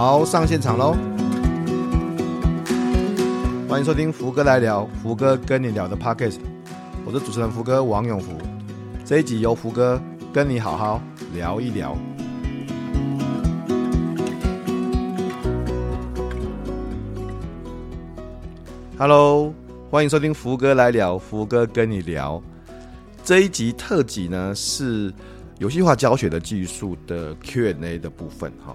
好，上現場嘍！歡迎收聽福哥來聊，福哥跟你聊的 Podcast，我是主持人福哥王永福，這一集由福哥跟你好好聊一聊。Hello，歡迎收聽福哥來聊，福哥跟你聊這一集特輯呢，是遊戲化教學的技術的 Q&A 的部分哈。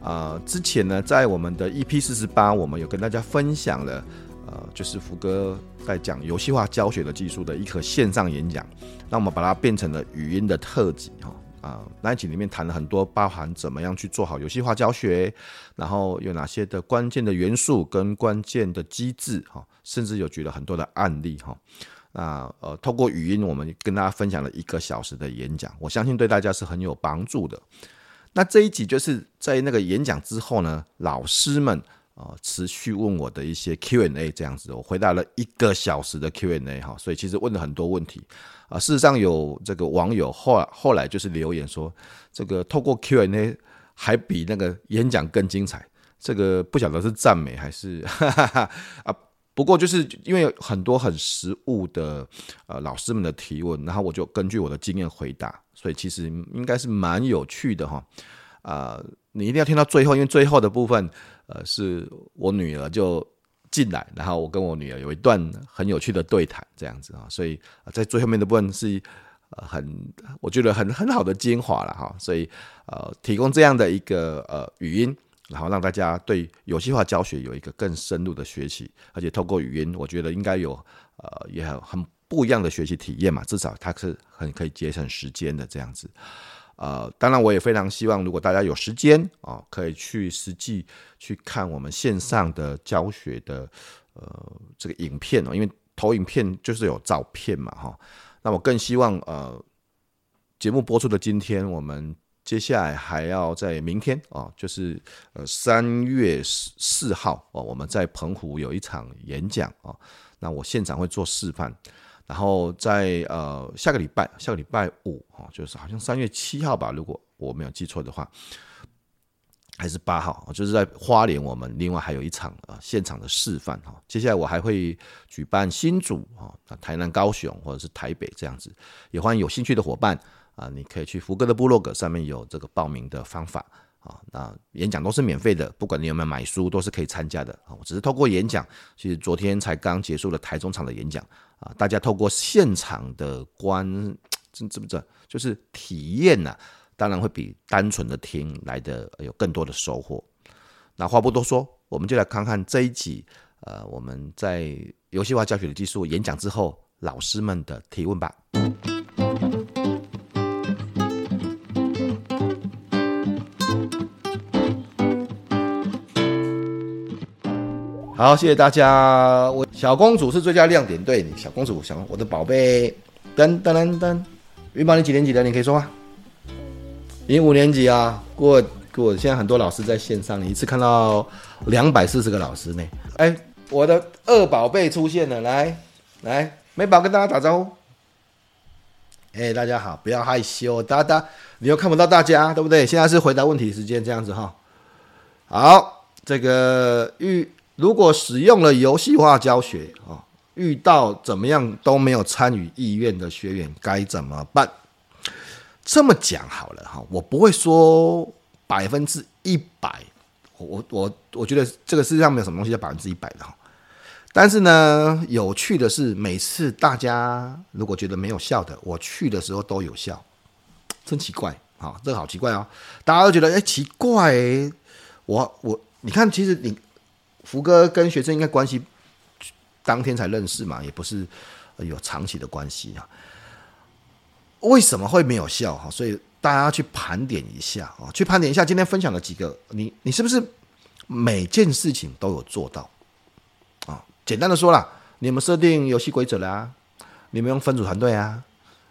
啊、呃，之前呢，在我們的 EP 四十八，我們有跟大家分享了，呃，就是福哥在講遊戲化教學的技術的一場線上演講，那我們把它變成了語音的特輯，哈，啊，那一集裡面談了很多，包含怎麼樣去做好遊戲化教學，然後有哪些的關鍵的元素跟關鍵的機制，哈，甚至有舉了很多的案例，哈，那呃，透過語音我們跟大家分享了一個小時的演講，我相信對大家是很有幫助的。那這一集就是在那個演講之後呢，老師們啊、呃、持續問我的一些 Q&A 這樣子，我回答了一個小時的 Q&A 哈，所以其實問了很多問題啊。事實上有這個網友後後來就是留言說，這個透過 Q&A 還比那個演講更精彩，這個不曉得是讚美還是哈 哈啊。不過就是因為有很多很實務的呃老師們的提問，然後我就根據我的經驗回答，所以其實應該是蠻有趣的哈。啊，你一定要聽到最後，因為最後的部分呃是我女兒就進來，然後我跟我女兒有一段很有趣的對談這樣子啊、哦，所以在最後面的部分是很我覺得很很好的精華了哈。所以呃提供這樣的一個呃語音。然後讓大家對遊戲化教學有一個更深入的學習，而且透過語音，我覺得應該有呃也很很不一樣的學習體驗嘛，至少它是很可以節省時間的這樣子。呃，當然我也非常希望，如果大家有時間啊、哦，可以去實際去看我們線上的教學的呃這個影片哦，因為投影片就是有照片嘛哈、哦。那我更希望呃節目播出的今天我們。接下來還要在明天啊，就是呃三月四號哦，我們在澎湖有一場演講啊，那我現場會做示範。然後在呃下個禮拜，下個禮拜五啊，就是好像三月七號吧，如果我沒有記錯的話，還是八號，就是在花蓮，我們另外還有一場啊現場的示範哈。接下來我還會舉辦新竹啊，台南、高雄或者是台北這樣子，也歡迎有興趣的夥伴。啊，你可以去福哥的部落格上面有這個報名的方法啊。那演講都是免費的，不管你有沒有買書，都是可以參加的啊。我只是透過演講，其實昨天才剛結束了台中場的演講啊。大家透過現場的觀，這、這、不、這，就是體驗吶。當然會比單純的聽來的有更多的收穫。那話不多說，我們就來看看這一集呃我們在遊戲化教學的技術演講之後，老師們的提問吧。好，謝謝大家。我小公主是最佳亮點，對，你小公主，小主我的寶貝，噔噔噔噔。雲寶，你幾年級的？你可以說嗎？你五年級啊。過過，過，現在很多老師在線上，你一次看到兩百四十個老師呢。哎、欸，我的二寶貝出現了，來來，美寶跟大家打招呼。哎、欸，大家好，不要害羞，噠噠，你又看不到大家，對不對？現在是回答問題時間，這樣子哈。好，這個玉。如果使用了遊戲化教學，遇到怎麼樣都沒有參與意願的學員該怎麼辦？這麼講好了哈，我不會說百分之一百，我我我覺得這個世界上沒有什麼東西叫百分之一百的哈。但是呢，有趣的是，每次大家如果覺得沒有效的，我去的時候都有效，真奇怪啊，這個好奇怪哦，大家都覺得哎，欸，奇怪欸，我我你看，其實你。福哥跟學生應該關係，當天才認識嘛，也不是有長期的關係啊。為什麼會沒有效哈？所以大家去盤點一下啊，去盤點一下，一下今天分享的幾個，你你是不是每件事情都有做到啊？哦？簡單的說啦，你們設定遊戲規則啦，你們用分組團隊啊，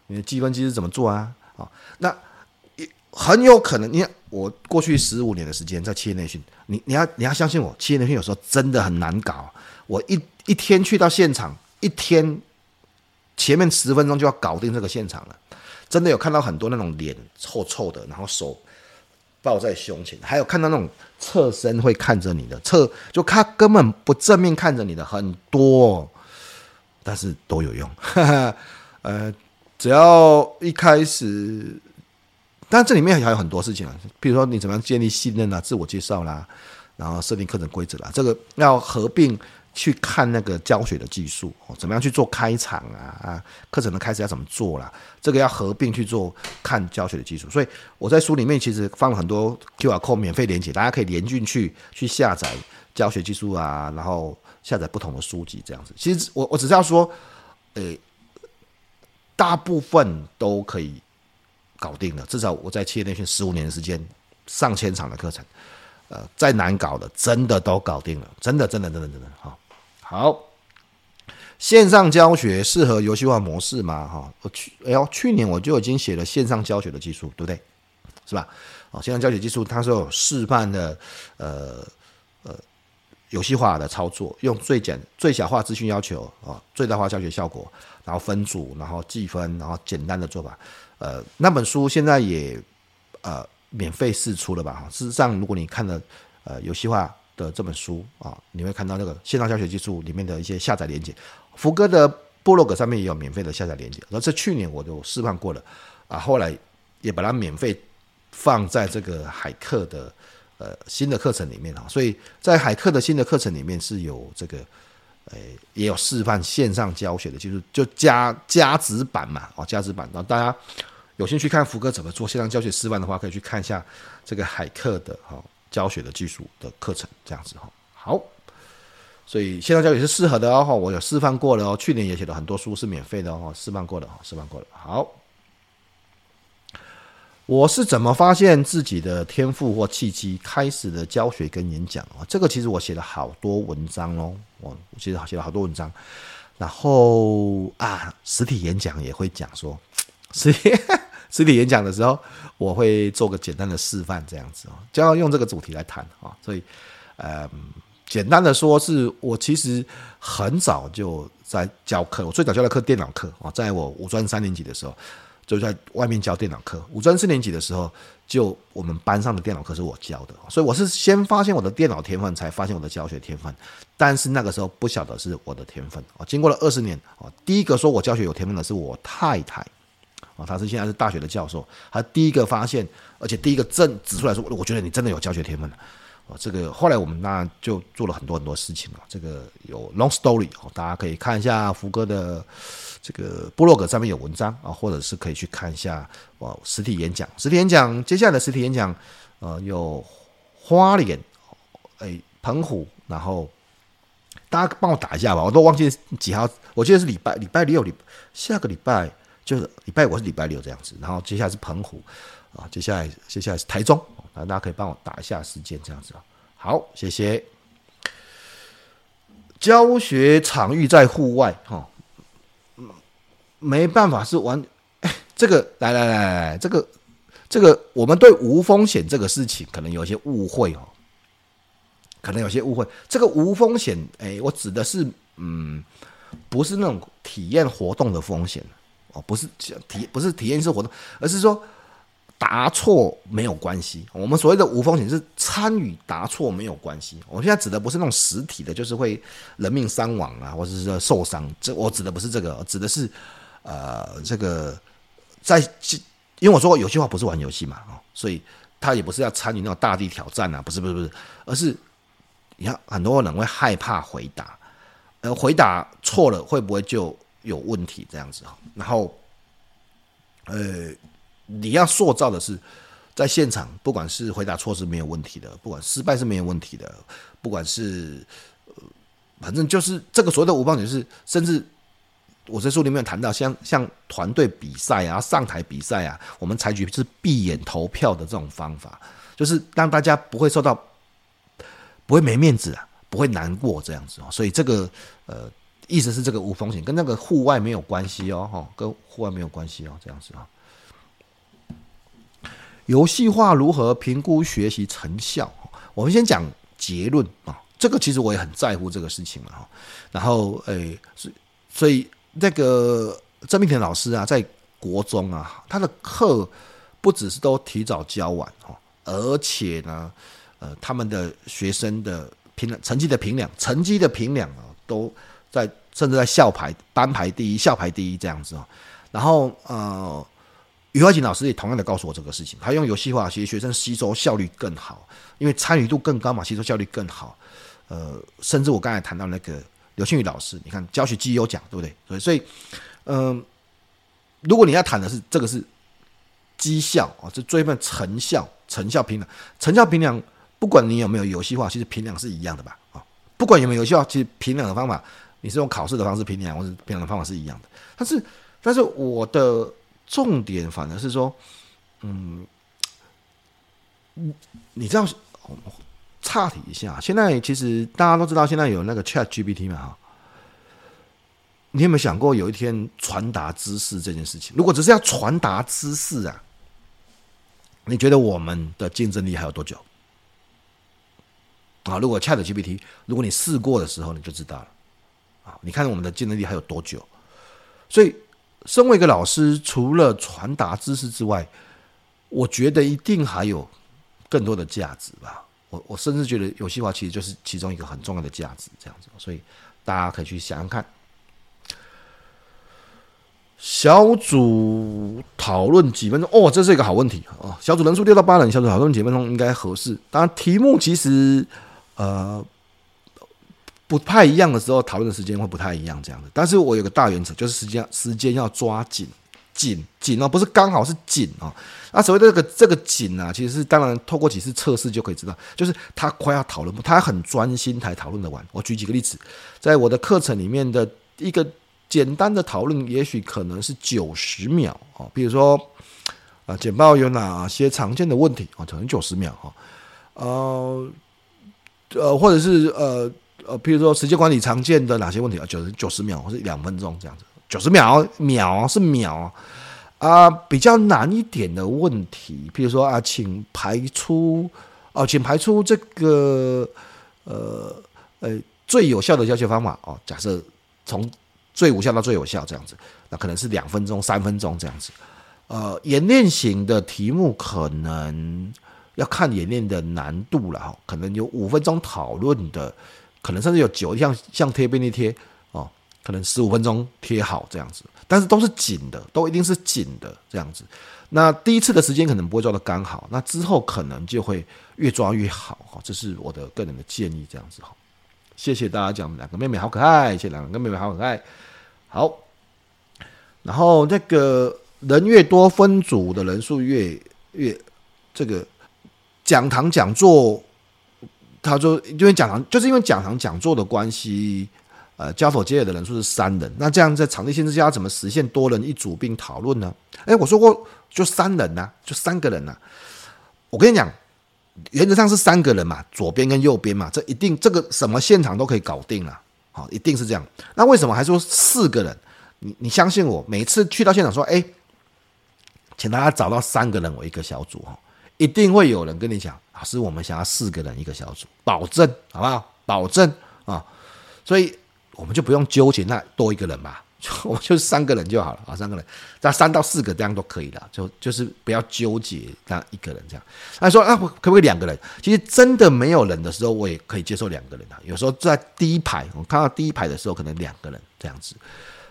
你的積分機制怎麼做啊？啊、哦，那。很有可能，你看我過去十五年的時間在企業內訓，你你要你要相信我，企業內訓有時候真的很難搞。我一一天去到現場，一天前面十分鐘就要搞定這個現場了。真的有看到很多那種臉臭臭的，然後手抱在胸前，還有看到那種側身會看着你的側，就他根本不正面看着你的很多，但是都有用。哈哈，呃，只要一開始。但這裡面還有很多事情啊，比如說你怎麼樣建立信任啊，自我介紹啦、啊，然後設定課程規則啦，這個要合併去看那個教學的技術哦，怎麼樣去做開場啊啊，課程的開始要怎麼做啦、啊，這個要合併去做看教學的技術。所以我在書裡面其實放了很多 QR code 免費連結，大家可以連進去去下載教學技術啊，然後下載不同的書籍這樣子。其實我我只是要說，呃，大部分都可以。搞定了，至少我在企業內訓十五年的時間，上千場的課程，呃，再難搞的真的都搞定了，真的真的真的真的好好。線上教學適合遊戲化模式嗎？哈，我去，哎呦，去年我就已經寫了線上教學的技術，對不對？是吧？哦，線上教學技術，它是有示範的，呃呃，遊戲化的操作，用最簡最小化資訊要求啊、哦，最大化教學效果，然後分組，然後計分，然後簡單的做法。呃，那本書現在也呃免費試出了吧？哈，事實上，如果你看了呃遊戲化的這本書啊，你會看到那個線上教學技術裡面的一些下載鏈接。福哥的部落格上面也有免費的下載鏈接，而這去年我就示範過了啊，後來也把它免費放在這個海客的呃新的課程裡面啊，所以在海客的新的課程裡面是有這個誒、呃、也有示範線上教學的技術，就加加值版嘛，哦、啊，加值版讓、啊、大家。有興趣看福哥怎麼做線上教學示範的話，可以去看一下這個海客的哈，教學的技術的課程這樣子哈。好，所以線上教學是適合的哦。我有示範過了哦，去年也寫了很多書是免費的哦，示範過了哦，示範過了。好，我是怎麼發現自己的天賦或契機，開始的教學跟演講啊？這個其實我寫了好多文章哦。我其實寫了好多文章，然後啊，實體演講也會講說實體。 實體演講的時候，我會做個簡單的示範，這樣子哦，就要用這個主題來談啊。所以，呃，嗯，簡單的說，是我其實很早就在教課，我最早教的課電腦課啊，在我五專三年級的時候就在外面教電腦課，五專四年級的時候就我們班上的電腦課是我教的，所以我是先發現我的電腦天分，才發現我的教學天分。但是那個時候不曉得是我的天分啊，經過了二十年啊，第一個說我教學有天分的是我太太。啊，他是現在是大學的教授，他第一個發現，而且第一個證指出來說，我覺得你真的有教學天分了哦。這個後來我們那就做了很多很多事情了。這個有 long story，大家可以看一下福哥的這個 blog 上面有文章啊，或者是可以去看一下哦實體演講，實體演講，接下來的實體演講，呃，有花蓮，哎，澎湖，然後大家幫我打一下吧，我都忘記幾號，我記得是禮拜禮拜六，禮下個禮拜。就是禮拜五還是禮拜六這樣子，然後接下來是澎湖啊，接下來接下來是台中，啊，大家可以幫我打一下時間這樣子啊。好，謝謝。教學場域在戶外哈，嗯、哦，沒辦法是完。這個來來來來，這個這個我們對無風險這個事情可能有些誤會哦，可能有些誤會。這個無風險，哎，我指的是嗯，不是那種體驗活動的風險。哦，不是體，不是體驗式活動，而是說答錯沒有關係。我們所謂的無風險是參與答錯沒有關係。我現在指的不是那種實體的，就是會人命傷亡啊，或者是說受傷。這我指的不是這個，指的是呃，這個在，因為我說過遊戲化不是玩遊戲嘛，哦，所以他也不是要參與那種大地挑戰啊，不是，不是，不是，而是你看，很多人會害怕回答，呃，回答錯了會不會就？有問題這樣子哈，然後，呃，你要塑造的是，在現場不管是回答錯是沒有問題的，不管失敗是沒有問題的，不管是，呃、反正就是這個所謂的無幫點是，甚至我在書裡面談到像，像像團隊比賽啊，上台比賽啊，我們採取是閉眼投票的這種方法，就是讓大家不會受到不會沒面子，啊、不會難過這樣子哦，所以這個呃。意思是這個無風險跟那個戶外沒有關係哦，跟戶外沒有關係哦，這樣子啊。遊戲化如何評估學習成效？我們先講結論，這個其實我也很在乎這個事情了。然後，誒、欸，所以，那個鄭明田老師啊，在國中啊，他的課不只是都提早教完，而且呢，呃，他們的學生的評成績的評量成績的評量啊，都在。甚至在校排單排第一，校排第一這樣子啊、哦。然後，呃，余懷瑾老師也同樣的告訴我這個事情。他用遊戲化，其實學生吸收效率更好，因為參與度更高嘛，吸收效率更好。呃，甚至我剛才談到那個劉慶宇老師，你看教學績優獎，對不對？對，所以，嗯、呃，如果你要談的是這個是績效啊，是追問成效，成效評量，成效評量，不管你有沒有遊戲化，其實評量是一樣的吧？啊、哦，不管有沒有遊戲化，其實評量的方法，你是用考試的方式評量，或是評量的方法是一樣的。但是，但是我的重點反而是說，嗯，你這知道岔題一下。現在其實大家都知道，現在有那個 Chat GPT 嘛？哈，你有沒有想過有一天傳達知識這件事情？如果只是要傳達知識啊，你覺得我們的競爭力還有多久？啊，如果 Chat GPT，如果你試過的時候，你就知道了。你看我們的競爭力還有多久？所以，身為一個老師，除了傳達知識之外，我覺得一定還有更多的價值吧。我我甚至覺得遊戲化其實就是其中一個很重要的價值，這樣子。所以大家可以去想想看。小組討論幾分鐘，哦，這是一個好問題啊！小組人數六到八人，小組討論幾分鐘應該合適。當然，題目其實呃。不太一樣的時候，討論的時間會不太一樣，這樣子。但是我有個大原則，就是時間時間要抓緊，緊緊哦，不是剛好是緊啊、哦。那所謂這個這個緊啊，其實是當然透過幾次測試就可以知道，就是他快要討論不，他很專心才討論得完。我舉幾個例子，在我的課程裡面的一個簡單的討論，也許可能是九十秒啊。比如說啊，簡報有哪些常見的問題啊？可能九十秒哦，呃呃，或者是呃。呃，譬如說時間管理常見的哪些問題啊？九十九十秒或是兩分鐘這樣子，九十秒秒是秒啊、呃，比較難一點的問題，譬如說啊，請排出哦、呃，請排出這個呃呃最有效的教學方法哦、呃。假設從最無效到最有效這樣子，那可能是兩分鐘、三分鐘這樣子。呃，演練型的題目可能要看演練的難度了哈，可能有五分鐘討論的。可能甚至有九，像像貼便利貼哦，可能十五分鐘貼好這樣子，但是都是緊的，都一定是緊的這樣子。那第一次的時間可能不會抓的剛好，那之後可能就會越抓越好，哦，這是我的個人的建議這樣子哈，哦。謝謝大家講兩個妹妹好可愛，謝兩個妹妹好可愛。好，然後那個人越多，分組的人數越越這個講堂講座。他說，因為講堂，就是因為講堂講座的關係，呃，交頭接耳的人數是三人，那這樣在場地限制下，要怎麼實現多人一組並討論呢？哎，我說過，就三人吶、啊，就三個人吶、啊。我跟你講，原則上是三個人嘛，左邊跟右邊嘛，這一定這個什麼現場都可以搞定了，好，一定是這樣。那為什麼還說四個人？你你相信我，每次去到現場說，哎，請大家找到三個人為一個小組哈。一定會有人跟你講，老、啊、師，是我們想要四個人一個小組，保證，好不好？保證啊、哦，所以我們就不用糾結那多一個人吧，就我就就三個人就好了啊、哦，三個人，那三到四個這樣都可以了，就就是不要糾結那一個人這樣。他、啊、說啊，可不可以兩個人？其實真的沒有人的時候，我也可以接受兩個人。有時候在第一排，我看到第一排的時候，可能兩個人這樣子。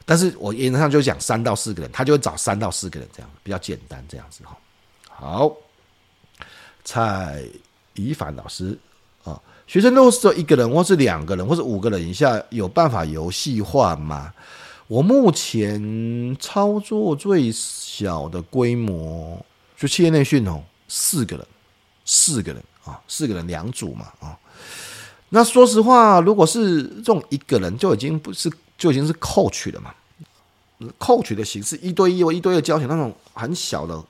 但是我原則上就講三到四個人，他就會找三到四個人這樣，比較簡單這樣子哈、哦。好。蔡怡凡老師啊，學生都是一個人，或是兩個人，或是五個人以下，有辦法遊戲化嗎？我目前操作最小的規模就企業內訓哦，四個人，四個人啊，四個人兩組嘛啊。那說實話，如果是這種一個人，就已經不是就已經是 coach 了嘛，coach 的形式一對一或一對一的教學，那種很小的。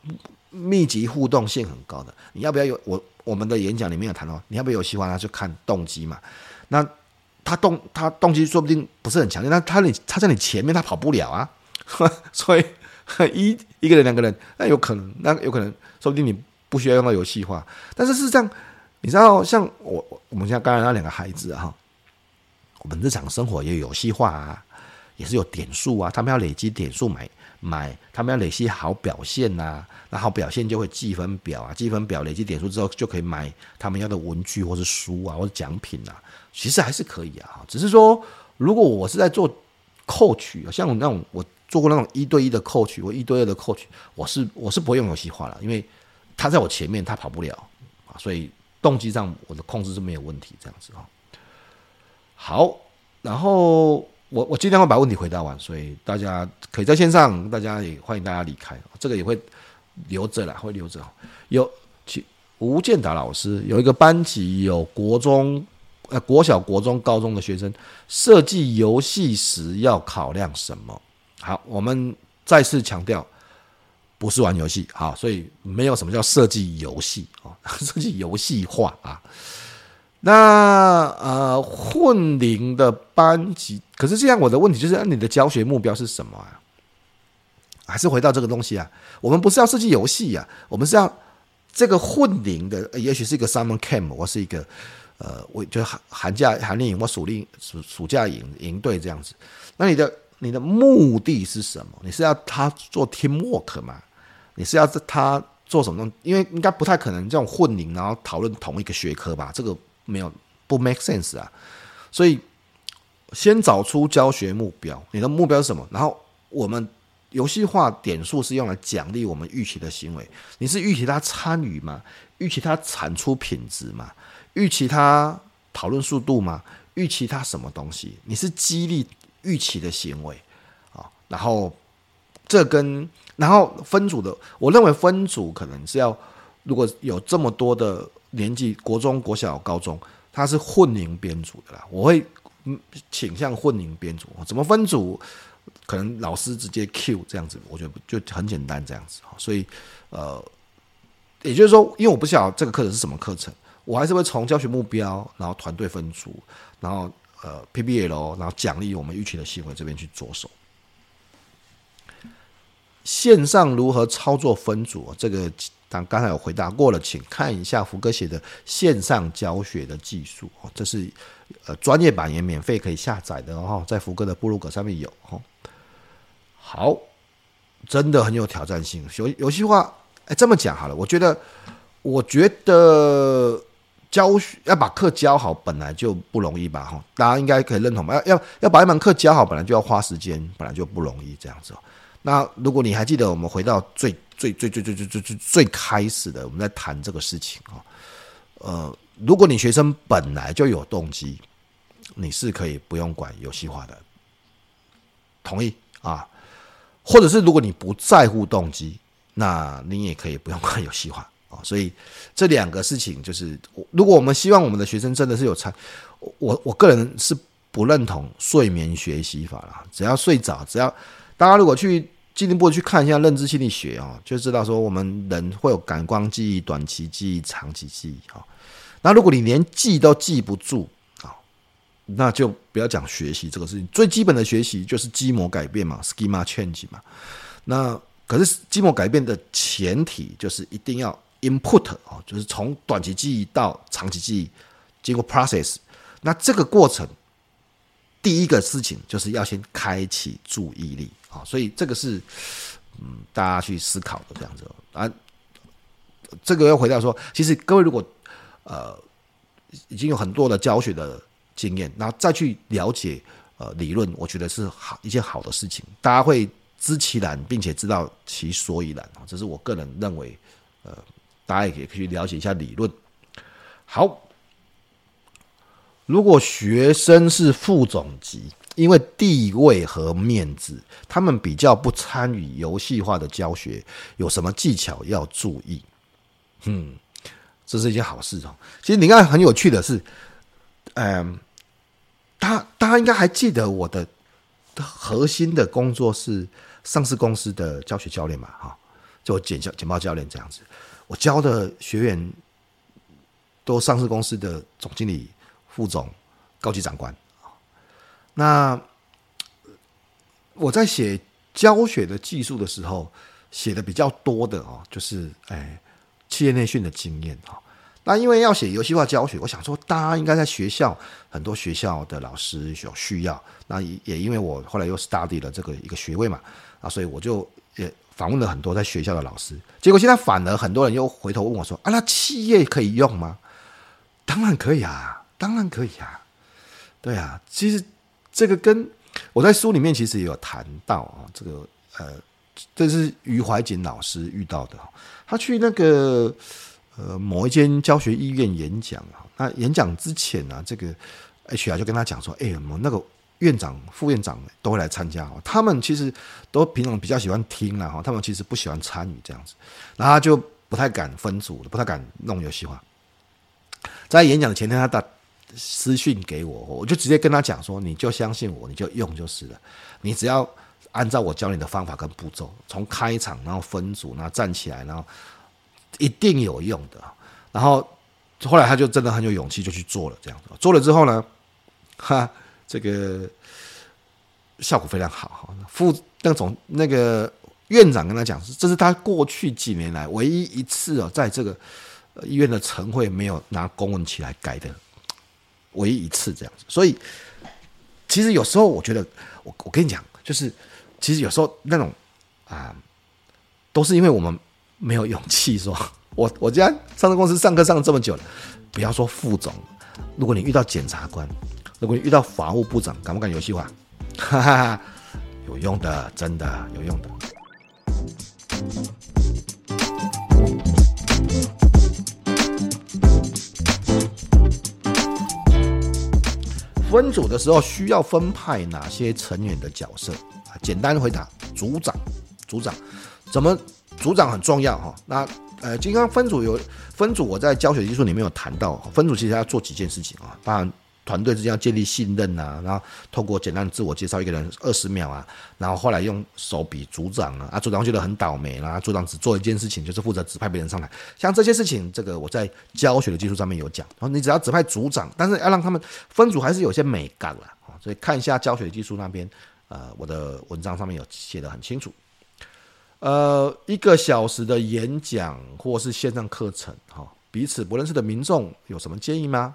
密集互動性很高的，你要不要有我我們的演講裡面有談到，你要不要有遊戲化？那就看動機嘛。那他動他動機說不定不是很強烈，那他你他在你前面他跑不了啊。所以一一個人兩個人，那有可能，那有可能，說不定你不需要用到遊戲化。但是事實上，你知道像我我們像剛才那兩個孩子哈，我們日常生活也有遊戲化啊，也是有點數啊，他們要累積點數買。買他們要累積，好表現吶、啊？那好表現就會積分表啊，積分表累積點數之後就可以買他們要的文具或是書啊，或者獎品啊，其實還是可以啊。只是說如果我是在做 coach，像我那種我做過那種一對一的 coach，我一對二的 coach，我是我是不會用遊戲化了，因為他在我前面他跑不了啊，所以動機上我的控制是沒有問題這樣子哈。好，然後。我我盡量會把問題回答完，所以大家可以在線上，大家也歡迎大家離開，這個也會留着啦，會留着。有吳建達老師有一個班級有國中、呃國小、國中、高中的學生，設計遊戲時要考量什麼？好，我們再次強調，不是玩遊戲哈，所以沒有什麼叫設計遊戲啊，設計遊戲化啊。那呃，混齡的班級，可是這樣我的問題就是：那你的教學目標是什麼啊？還是回到這個東西啊？我們不是要設計遊戲啊，我們是要這個混齡的，也許是一個 summer camp，我是一個呃，我就寒寒假寒令營或暑令暑暑假營暑假營，營隊這樣子。那你的你的目的是什麼？你是要他做 teamwork 嗎？你是要他做什麼東西？因為應該不太可能這種混齡然後討論同一個學科吧？這個。沒有，不 make sense 啊，所以先找出教學目標，你的目標是什麼？然後我們遊戲化點數是用來獎勵我們預期的行為。你是預期他參與嗎？預期他產出品質嗎？預期他討論速度嗎？預期他什麼東西？你是激勵預期的行為啊，然後這跟然後分組的，我認為分組可能是要如果有這麼多的。年紀國中、國小、高中，他是混齡編組的啦。我會嗯傾向混齡編組。怎麼分組？可能老師直接 Q 這樣子，我覺得就很簡單這樣子。所以呃，也就是說，因為我不曉得這個課程是什麼課程，我還是會從教學目標，然後團隊分組，然後呃 PBL，然後獎勵我們預期的行為這邊去着手。線上如何操作分組？這個。但剛才有回答過了，請看一下福哥寫的線上教學的技術哦，這是呃專業版也免費可以下載的哦，在福哥的部落格上面有哦。好，真的很有挑戰性。有有些話，哎、欸，這麼講好了，我覺得我覺得教學要把課教好本來就不容易吧哈，大家應該可以認同吧？要要要把一門課教好，本來就要花時間，本來就不容易這樣子。那如果你還記得，我們回到最。最最最最最最最最開始的，我們在談這個事情啊、哦。呃，如果你學生本來就有動機，你是可以不用管遊戲化的，同意啊？或者是如果你不在乎動機，那你也可以不用管遊戲化啊、哦。所以這兩個事情就是，如果我們希望我們的學生真的是有參，我我個人是不認同睡眠學習法了。只要睡着，只要大家如果去。進一步去看一下認知心理學哦，就知道說我們人會有感官記憶、短期記憶、長期記憶哈。那如果你連記都記不住啊，那就不要講學習這個事情。最基本的學習就是基模改變嘛，schema change 嘛。那可是基模改變的前提就是一定要 input 啊，就是從短期記憶到長期記憶經過 process。那這個過程第一個事情就是要先開啟注意力。啊，所以這個是，嗯，大家去思考的這樣子啊。這個又回到說，其實各位如果呃已經有很多的教學的經驗，然後再去了解呃理論，我覺得是好一件好的事情。大家會知其然，並且知道其所以然啊，這是我個人認為。呃，大家也可以去了解一下理論。好，如果學生是副總級。因為地位和面子，他們比較不參與遊戲化的教學，有什麼技巧要注意？嗯，這是一件好事哦、喔。其實你看，很有趣的是，嗯、呃，大家大家應該還記得我的核心的工作是上市公司的教學教練嘛？哈，就簡教簡報教練這樣子，我教的學員都上市公司的總經理、副總、高級長官。那我在寫教學的技術的時候，寫的比較多的哦，就是哎企業內訓的經驗哈。那因為要寫遊戲化教學，我想說，大家應該在學校很多學校的老師有需要。那也也因為我後來又 study 了這個一個學位嘛，啊，所以我就也訪問了很多在學校的老師。結果現在反而很多人又回頭問我說：“啊，那企業可以用嗎？”當然可以啊，當然可以啊，對啊，其實。這個跟我在書裡面其實也有談到啊，這個呃，這是余懷瑾老師遇到的，他去那個呃某一間教學醫院演講啊，那演講之前呢、啊，這個 HR 就跟他講說：“哎，我們那個院長、副院長都會來參加哦，他們其實都平常比較喜歡聽啊，他們其實不喜歡參與這樣子，然後他就不太敢分組了，不太敢弄遊戲化。”在演講的前天，他到。私訊給我，我就直接跟他講說：“你就相信我，你就用就是了。你只要按照我教你的方法跟步驟，從開場，然後分組，然後站起來，然後一定有用的。”然後後來他就真的很有勇氣，就去做了。這樣做了之後呢，哈，這個效果非常好。哈，副那種那個院長跟他講：“這是他過去幾年來唯一一次哦，在這個醫院的晨會沒有拿公文起來改的。”唯一一次這樣子，所以其實有時候我覺得，我我跟你講，就是其實有時候那種啊、呃，都是因為我們沒有勇氣。說，我我家上市公司上課上了這麼久了，不要說副總，如果你遇到檢察官，如果你遇到法務部長，敢不敢遊戲化？哈哈哈，有用的，真的有用的。分組的時候需要分派哪些成員的角色啊？簡單回答，組長，組長，怎麼？組長很重要哈。那呃，剛剛分組有分組，我在教學技術裡面有談到，分組其實要做幾件事情啊。當然。團隊之間要建立信任吶、啊，然後透過簡單自我介紹一個人二十秒啊，然後後來用手比組長啊，啊組長覺得很倒霉、啊，啦、啊，組長只做一件事情，就是負責指派別人上來，像這些事情，這個我在教學的技術上面有講，然、哦、後你只要指派組長，但是要讓他們分組還是有些美感啦。啊，所以看一下教學技術那邊，呃，我的文章上面有寫的很清楚，呃，一個小時的演講或是線上課程，哈、哦，彼此不認識的民眾有什麼建議嗎？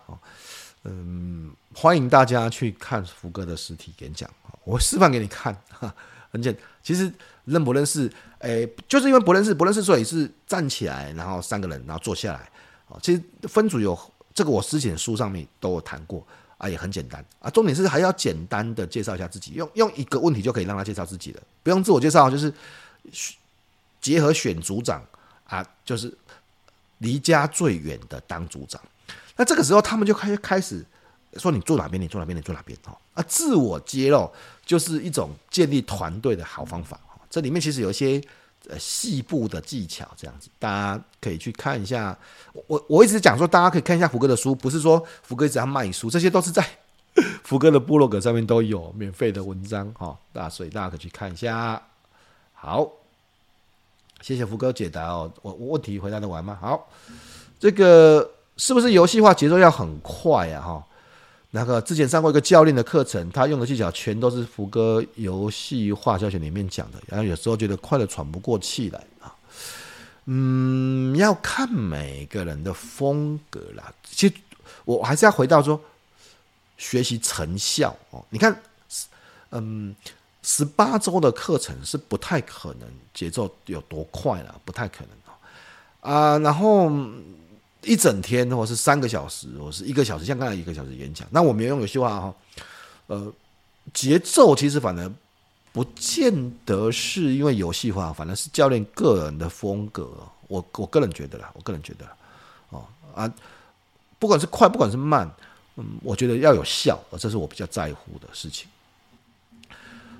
嗯，歡迎大家去看福哥的實體演講，我示範給你看，哈，很簡。其實認不認識，哎、欸，就是因為不認識，不認識所以是站起來，然後三個人，然後坐下來啊。其實分組有這個，我之前書上面都有談過啊，也很簡單啊。重點是還要簡單的介紹一下自己，用用一個問題就可以讓他介紹自己了，不用自我介紹，就是選結合選組長啊，就是離家最遠的當組長。那這個時候，他們就開開始說，你住哪邊，你住哪邊，你住哪邊、哦、啊！自我揭露就是一種建立團隊的好方法、哦、這裡面其實有一些呃細部的技巧，這樣子大家可以去看一下。我我一直講說，大家可以看一下福哥的書，不是說福哥只要賣書，這些都是在福哥的部落格上面都有免費的文章哈、哦。那所以大家可以去看一下。好，謝謝福哥解答哦。我問題回答得完嗎？好，這個。是不是遊戲化節奏要很快啊？哈，那個之前上過一個教練的課程，他用的技巧全都是福哥遊戲化教學裡面講的，然後有時候覺得快的喘不過氣來啊。嗯，要看每個人的風格啦。其實我還是要回到說，學習成效哦。你看，嗯，十八周的課程是不太可能節奏有多快啦，不太可能啊。啊，然後。一整天，或是三個小時，或是一個小時，像剛才一個小時演講。那我沒有用遊戲化哈，呃，節奏其實反而不見得是因為遊戲化，反而是教練個人的風格。我我個人覺得啦，我個人覺得哦啊，不管是快，不管是慢，嗯，我覺得要有效，這是我比較在乎的事情。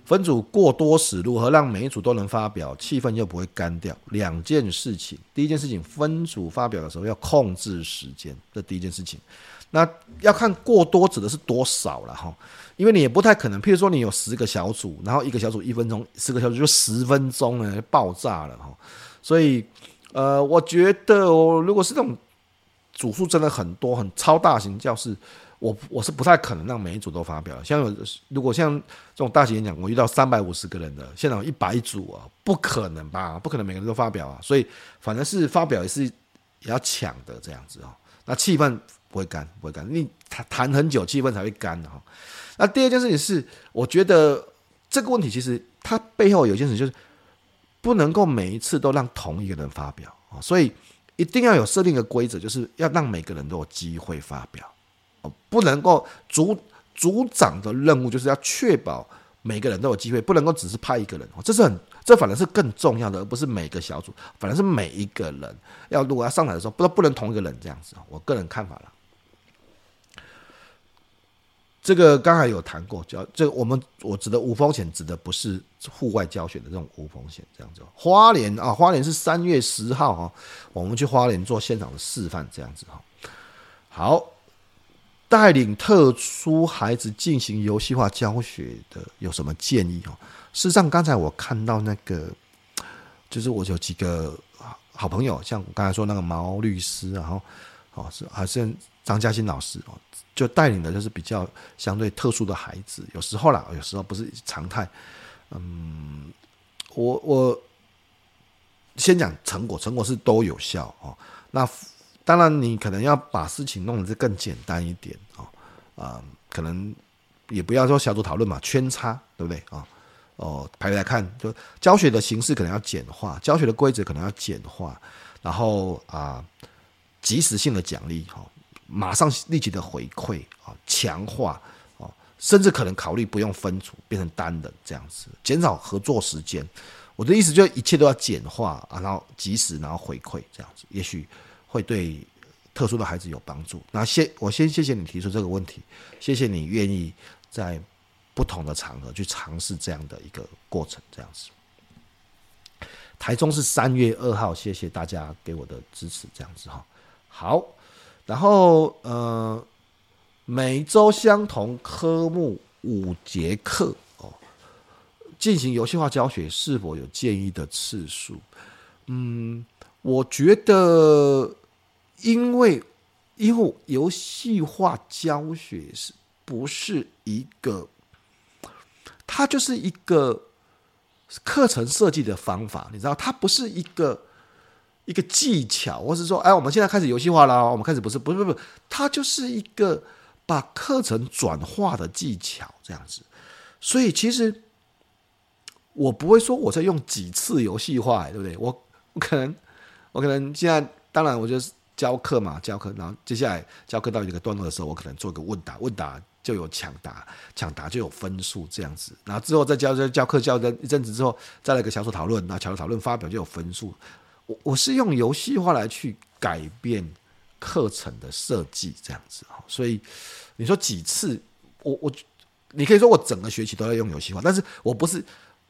分組過多時，如何讓每一組都能發表，氣氛又不會乾掉？兩件事情。第一件事情，分組發表的時候要控制時間，這第一件事情。那要看過多指的是多少了哈，因為你也不太可能。譬如說，你有十個小組，然後一個小組一分鐘，十個小組就十分鐘呢，就爆炸了哈。所以，呃，我覺得哦，如果是這種組數真的很多，很超大型教室。就是我我是不太可能讓每一組都發表，像有如果像這種大型演講，我遇到三百五十個人的現場一百組啊，不可能吧？不可能每個人都發表啊！所以反正是發表也是也要搶的這樣子哦。那氣氛不會乾，不會乾，你談談很久，氣氛才會乾的哈。那第二件事情是，我覺得這個問題其實它背後有一件事情，就是不能夠每一次都讓同一個人發表啊，所以一定要有設定的規則，就是要讓每個人都有機會發表。不能夠，組組長的任務就是要確保每個人都有機會，不能夠只是派一個人，這是很這反而是更重要的，而不是每個小組反正是每一個人要如果要上台的時候，不都不能同一個人這樣子，我個人看法啦。這個剛才有談過就，這個我們我指的無風險指的不是戶外教學的這種無風險這樣子，花蓮啊，花蓮是三月十號啊，我們去花蓮做現場的示範這樣子哈，好。帶領特殊孩子進行遊戲化教學的有什麼建議哦？事實上，剛才我看到那個，就是我有幾個好朋友，像我剛才說那個毛律師啊，然後好像好像張嘉欣老師就帶領的就是比較相對特殊的孩子，有時候啦，有時候不是常態。嗯，我我先講成果，成果是都有效哦。那。當然，你可能要把事情弄得更簡單一點啊啊、呃，可能也不要說小組討論嘛，圈叉對不對啊？哦、呃，排排看，就教學的形式可能要簡化，教學的規則可能要簡化，然後啊、呃，即時性的獎勵哈，馬上立即的回饋啊、呃，強化啊、呃，甚至可能考慮不用分組，變成單的這樣子，減少合作時間。我的意思就是一切都要簡化啊，然後即時，然後回饋這樣子，也許。會對特殊的孩子有幫助。那先，我先謝謝你提出這個問題，謝謝你願意在不同的場合去嘗試這樣的一個過程，這樣子。台中是三月二號，謝謝大家給我的支持，這樣子哈。好，然後呃，每周相同科目五節課哦，進行遊戲化教學是否有建議的次數？嗯，我覺得。因為，因為遊戲化教學是不是一個？它就是一個課程設計的方法，你知道，它不是一個一個技巧，或是說，哎，我們現在開始遊戲化了，我們開始不是不是不是，它就是一個把課程轉化的技巧這樣子。所以，其實我不會說我在用幾次遊戲化，對不對？我，我可能，我可能現在，當然，我覺得是。教課嘛，教課，然後接下來教課到一個段落的時候，我可能做一個問答，問答就有搶答，搶答就有分數，這樣子。然後之後再教再教課教的一陣子之後，再來一個小組討論，然後小組討論發表就有分數。我我是用遊戲化來去改變課程的設計，這樣子啊。所以你說幾次，我我你可以說我整個學期都在用遊戲化，但是我不是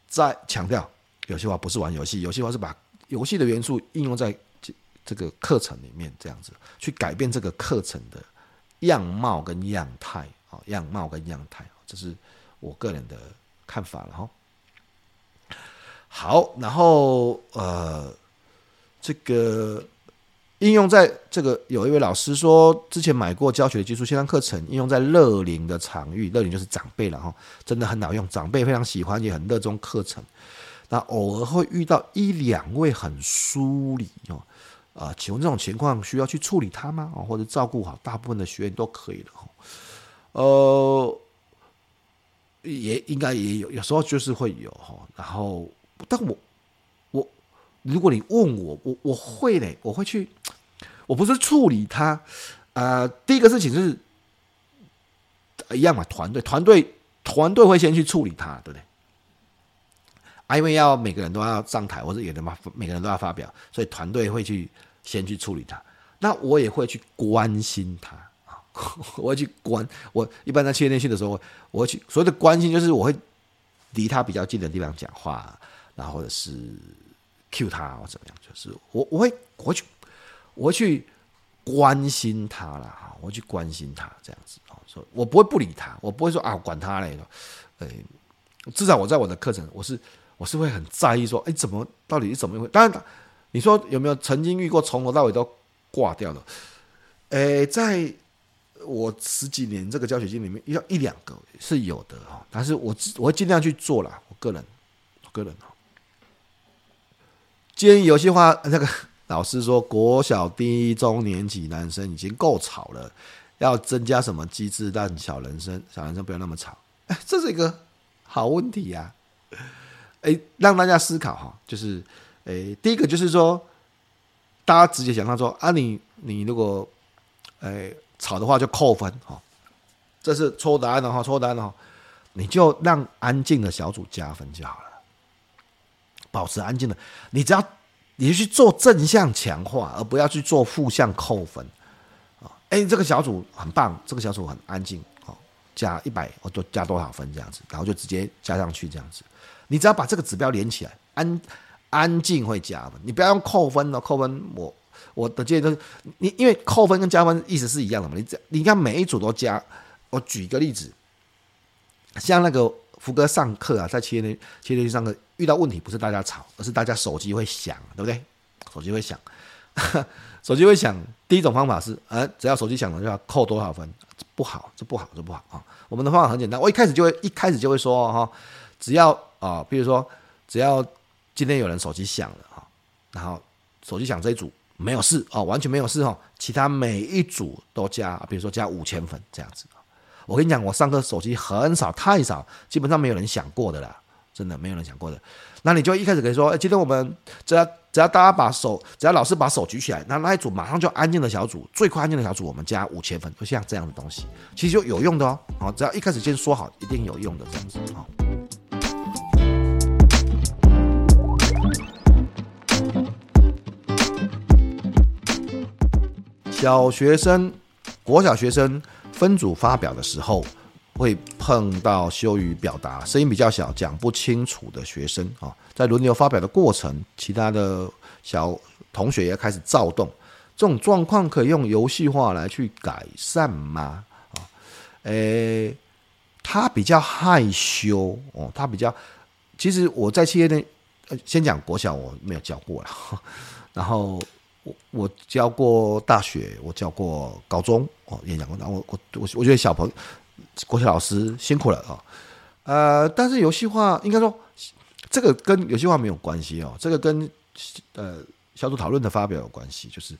在強調遊戲化，不是玩遊戲，遊戲化是把遊戲的元素應用在。這個課程裡面，這樣子去改變這個課程的樣貌跟樣態啊，樣貌跟樣態，這是我個人的看法了哈。好，然後呃，這個應用在這個，有一位老師說，之前買過教學的技術線上課程，應用在樂齡的場域，樂齡就是長輩了哈，然後真的很好用，長輩非常喜歡也很熱衷課程，那偶爾會遇到一兩位很疏離哦。啊、呃，請問這種情況需要去處理他嗎？或者照顧好大部分的學員都可以了？呃，也應該也有，有時候就是會有哈。然後，但我我如果你問我，我我會嘞，我會去。我不是處理他啊、呃。第一個事情，就是，一樣嘛，團隊團隊團隊會先去處理他，對不對？啊、因為要每個人都要上台，或者有什嘛，每個人都要發表，所以團隊會去先去處理他。那我也會去關心他，我會去關。我一般在切內訓的時候我，我會去所謂的關心就是我會離他比較近的地方講話，然後或者是 cue 他或者怎麼樣，就是我我會我會去我會去關心他了哈，我會去關心他這樣子啊，所以我不會不理他，我不會說啊我管他咧，呃，至少我在我的課程我是。我是會很在意說，哎，怎麼到底是怎麼一回事？當然，你說有沒有曾經遇過從頭到尾都掛掉的？哎，在我十幾年這個教學經驗裡面，遇到一兩個是有的。但是我我會儘量去做啦。我個人，我個人、哦、建議有些話，那個老師說，國小低中年級男生已經夠吵了，要增加什麼機制讓小男生、小男生不要那麼吵？哎，這是一個好問題呀、啊。哎、欸，讓大家思考哈，就是，哎、欸，第一個就是說，大家直接想到說啊你，你你如果，吵、欸、的話就扣分哈，這是錯答案的哈，錯答案哈，你就讓安靜的小組加分就好了，保持安靜的，你只要你去做正向強化，而不要去做負向扣分啊，哎、欸，這個小組很棒，這個小組很安靜，哦，加一百我就加多少分這樣子，然後就直接加上去這樣子。你只要把這個指標連起來，安安靜會加的，你不要用扣分哦，扣分我我的建議都、就是，你因為扣分跟加分意思是一樣的嘛。你只，你看每一組都加。我舉一個例子，像那個福哥上課啊，在切聯切聯上課遇到問題，不是大家吵，而是大家手機會響，對不對？手機會響， 手機會響。第一種方法是，呃，只要手機響了就要扣多少分，不好，這不好，這不好啊。我們的方法很簡單，我一開始就會一開始就會說哈，只要啊，比如說，只要今天有人手機響了哈，然後手機響這一組沒有事哦，完全沒有事哦，其他每一組都加，比如說加五千分這樣子。我跟你講，我上課手機很少，太少，基本上沒有人響過的啦，真的沒有人響過的。那你就一開始可以說，哎、欸，今天我們只要只要大家把手，只要老師把手舉起來，那那一組馬上就安靜的小組，最快安靜的小組，我們加五千分，就像這樣的東西，其實就有用的哦。好，只要一開始先說好，一定有用的這樣子。小學生，國小學生分組發表的時候，會碰到羞於表達、聲音比較小、講不清楚的學生啊。在輪流發表的過程，其他的小同學也開始躁動。這種狀況可以用遊戲化來去改善嗎？欸、他比較害羞哦，他比較……其實我在企業內，先講國小我沒有教過了，然後。我我教過大學，我教過高中哦，演講過。然後我我我我覺得小朋友國小，老師辛苦了啊。呃，但是遊戲化應該說這個跟遊戲化沒有關係哦，這個跟、這個、跟呃小組討論的發表有關係。就是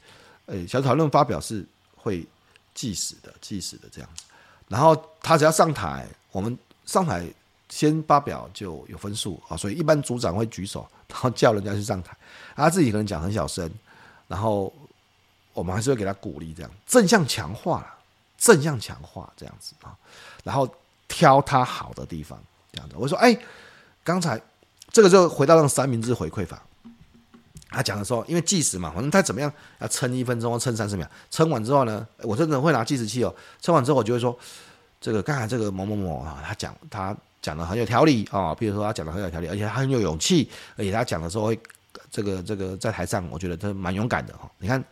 呃、欸、小組討論發表是會計時的，計時的這樣子。然後他只要上台，我們上台先發表就有分數啊，所以一般組長會舉手，然後叫人家去上台，他自己可能講很小聲。然後我們還是會給他鼓勵，這樣正向強化了，正向強化這樣子啊，然後挑他好的地方，這樣子。我說，哎，剛才這個就回到那個三明治回饋法，他講的時候，因為計時嘛，反正他怎麼樣，要撐一分鐘或撐三十秒，撐完之後呢，我真的會拿計時器哦，撐完之後我就會說，這個剛才這個某某某啊，他講他講的很有條理啊，比如說他講的很有條理，而且他很有勇氣，而且他講的時候會。這個這個在台上，我覺得他蠻勇敢的哈。你看，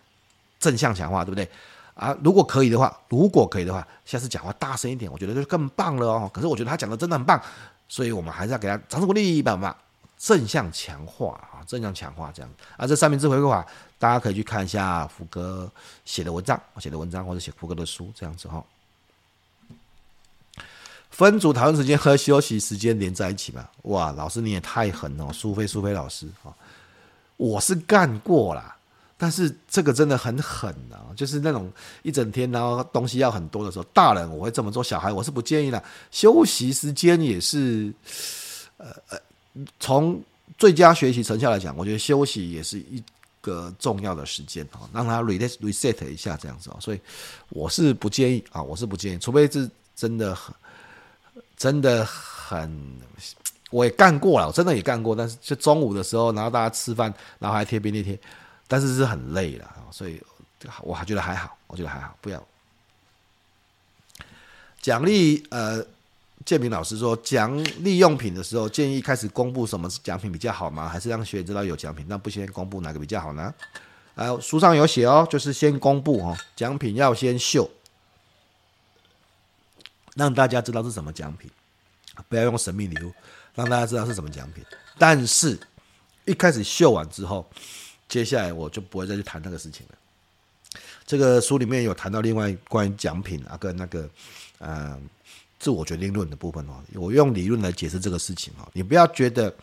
正向強化，對不對啊？如果可以的話，如果可以的話，下次講話大聲一點，我覺得就更棒了哦。可是我覺得他講的真的很棒，所以我們還是要給他掌聲鼓勵，好吧，正向強化啊，正向強化，向強化這樣子啊。這三明治回饋法，大家可以去看一下福哥寫的文章，我寫的文章或者寫福哥的書，這樣子哈、哦。分組討論時間和休息時間連在一起嘛？哇，老師你也太狠了，蘇菲蘇菲老師啊。我是幹過啦，但是這個真的很狠啊！就是那種一整天，然後東西要很多的時候，大人我會這麼做，小孩我是不建議的。休息時間也是，呃，從最佳學習成效來講，我覺得休息也是一個重要的時間哦，讓他 release reset 一下這樣子。所以我是不建議啊，我是不建議，除非是真的很真的很。我也幹過了，我真的也幹過，但是就中午的時候，然後大家吃飯，然後還貼便利貼，但是是很累了。所以我還覺得還好，我覺得還好，不要獎勵。呃，建明老師說獎勵用品的時候，建議開始公布什麼獎品比較好嗎？還是讓學員知道有獎品，但不先公布哪個比較好呢？啊，書上有寫哦，就是先公布哦，獎品要先秀，讓大家知道是什麼獎品，不要用神秘禮物。讓大家知道是什麼獎品，但是，一開始秀完之後，接下來我就不會再去談那個事情了。這個書裡面有談到另外關於獎品啊跟那個，呃，自我決定論的部分哦。我用理論來解釋這個事情哦。你不要覺得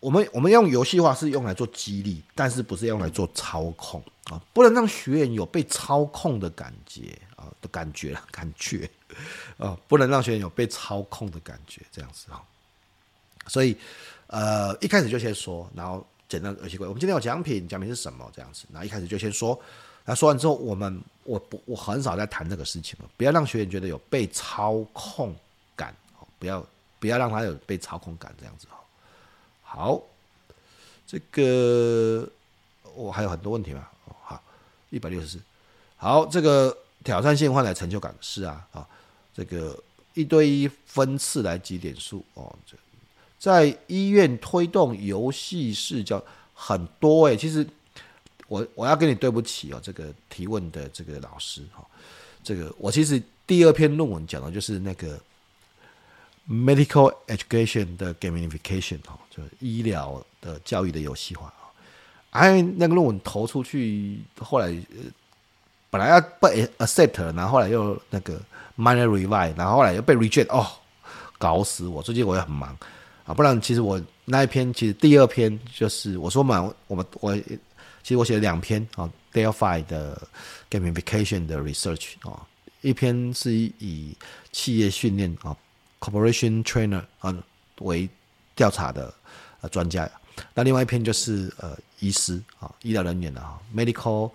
我們我們用遊戲化是用來做激勵，但是不是用來做操控啊？不能讓學員有被操控的感覺啊的感覺、啊、感覺啊，不能讓學員有被操控的感覺，這樣子啊。所以，呃，一開始就先說，然後簡單而且貴。我們今天有獎品，獎品是什麼？這樣子。那一開始就先說，那說完之後我，我們我不我很少在談這個事情了。不要讓學員覺得有被操控感，不要不要讓他有被操控感，這樣子哦。好，這個我、哦、還有很多問題吧。好，一百六十四。好，這個挑戰性換來成就感，是啊啊、哦。這個一對一分次來積點數哦，這。在醫院推動遊戲視角很多哎、欸，其實我我要跟你對不起哦、喔，這個提問的這個老師哈、喔，這個我其實第二篇論文講的就是那個 medical education 的 gamification 哈、喔，就醫療的教育的遊戲化啊。哎、喔，那個論文投出去，後來、呃、本來要被 accept，了然後,後來又那個 minor revise 然後,後來又被 reject，哦、喔，搞死我！最近我也很忙。啊，不然其實我那一篇，其實第二篇就是我說嘛，我們我，我其實我寫了兩篇啊，Delphi 的 gamification 的 research 啊、啊，一篇是以企業訓練啊 corporation trainer 啊為調查的啊專家，那另外一篇就是呃醫師啊、啊醫療人員的哈、啊 medical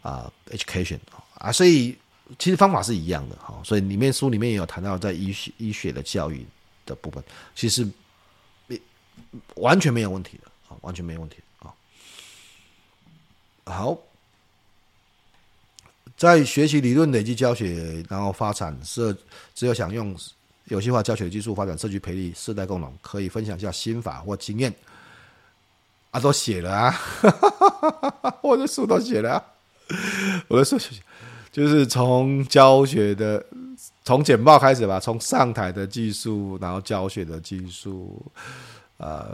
啊 education 啊、啊，所以其實方法是一樣的哈，啊所以裡面書裡面也有談到在醫學醫學的教育的部分，其實。完全沒有問題的啊，完全沒有問題啊。好，在學習理論累積教學，然後發展社，只有想用遊戲化教學技術發展社區培育、世代共融，可以分享一下心法或經驗啊？都寫了啊，我的書都寫了，啊。我的書就是從教學的從簡報開始吧，從上台的技術，然後教學的技術。呃，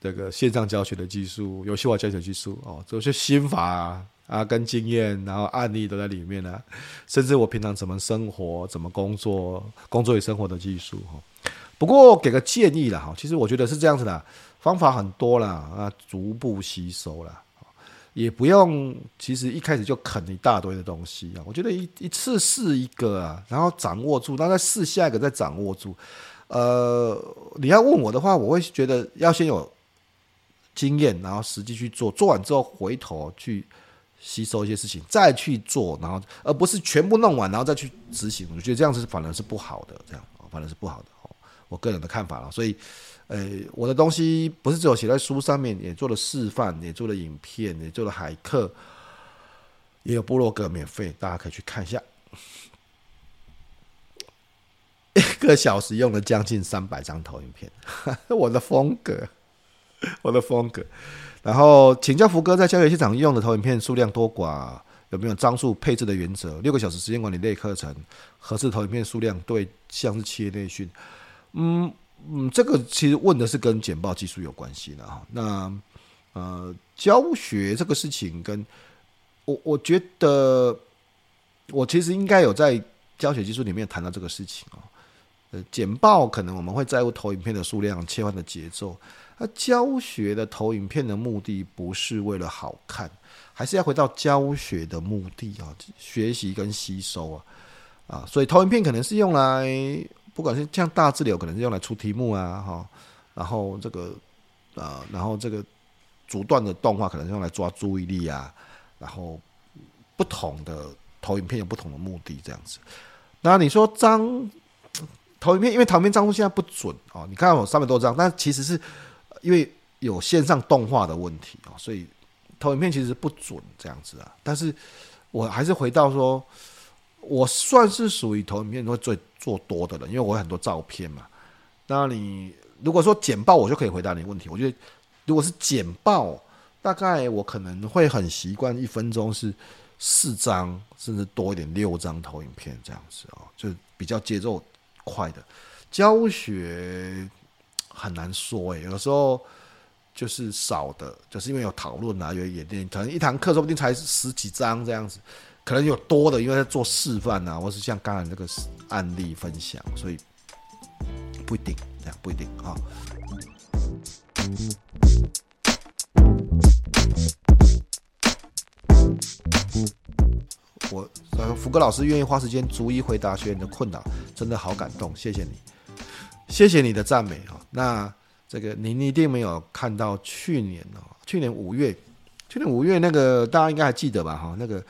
這個線上教學的技術，遊戲化教學的技術哦，這些心法啊跟經驗，然後案例都在裡面呢，啊，甚至我平常怎麼生活、怎麼工作、工作與生活的技術哦。不過給個建議了哈，其實我覺得是這樣子的，方法很多了啊，逐步吸收了，也不用其實一開始就啃一大堆的東西啊。我覺得一一次試一個啊，然後掌握住，然後再試下一個，再掌握住。呃，你要問我的話，我會覺得要先有經驗，然後實際去做，做完之後回頭去吸收一些事情，再去做，然後而不是全部弄完，然後再去執行。我覺得這樣子反而是不好的，這樣反而是不好的。我個人的看法了。所以，呃，我的東西不是只有寫在書上面，也做了示範，也做了影片，也做了海客，也有部落格免費，大家可以去看一下。一個小時用了將近三百張投影片，我的風格，我的風格。然後請教福哥，在教學現場用的投影片數量多寡，有沒有張數配置的原則？六個小時時間管理類課程，合適投影片數量？對象是企業內訓嗯。嗯嗯，這個其實問的是跟簡報技術有關係的哈、哦。那呃，教學這個事情跟，跟我我覺得，我其實應該有在教學技術裡面談到這個事情啊、哦。呃，簡報可能我們會在乎投影片的數量、切換的節奏。那教學的投影片的目的不是為了好看，還是要回到教學的目的啊，學習跟吸收啊啊。所以投影片可能是用來，不管是像大字流，可能是用來出題目啊，哈，然後這個啊，然後這個逐段的動畫可能是用來抓注意力啊，然後不同的投影片有不同的目的這樣子。那你說張？投影片，因為投影片張數現在不準哦，你看我有三百多張，但其實是因為有線上動畫的問題哦，所以投影片其實不準這樣子啊。但是我還是回到說，我算是屬於投影片會最做多的人，因為我有很多照片嘛。那你如果說簡報，我就可以回答你問題。我覺得如果是簡報，大概我可能會很習慣一分鐘是四張，甚至多一點六張投影片這樣子哦，就比較節奏。快的，教學很難說誒、欸，有時候就是少的，就是因為有討論啊，有演練，可能一堂課說不定才十幾張這樣子，可能有多的，因為在做示範啊，或是像剛才那個案例分享，所以不一定這樣，不一定啊。我呃，福哥老師願意花時間逐一回答學員的困擾，真的好感動，謝謝你，謝謝你的讚美啊、哦。那這個您一定沒有看到去年哦，去年五月，去年五月那個大家應該還記得吧哈，那個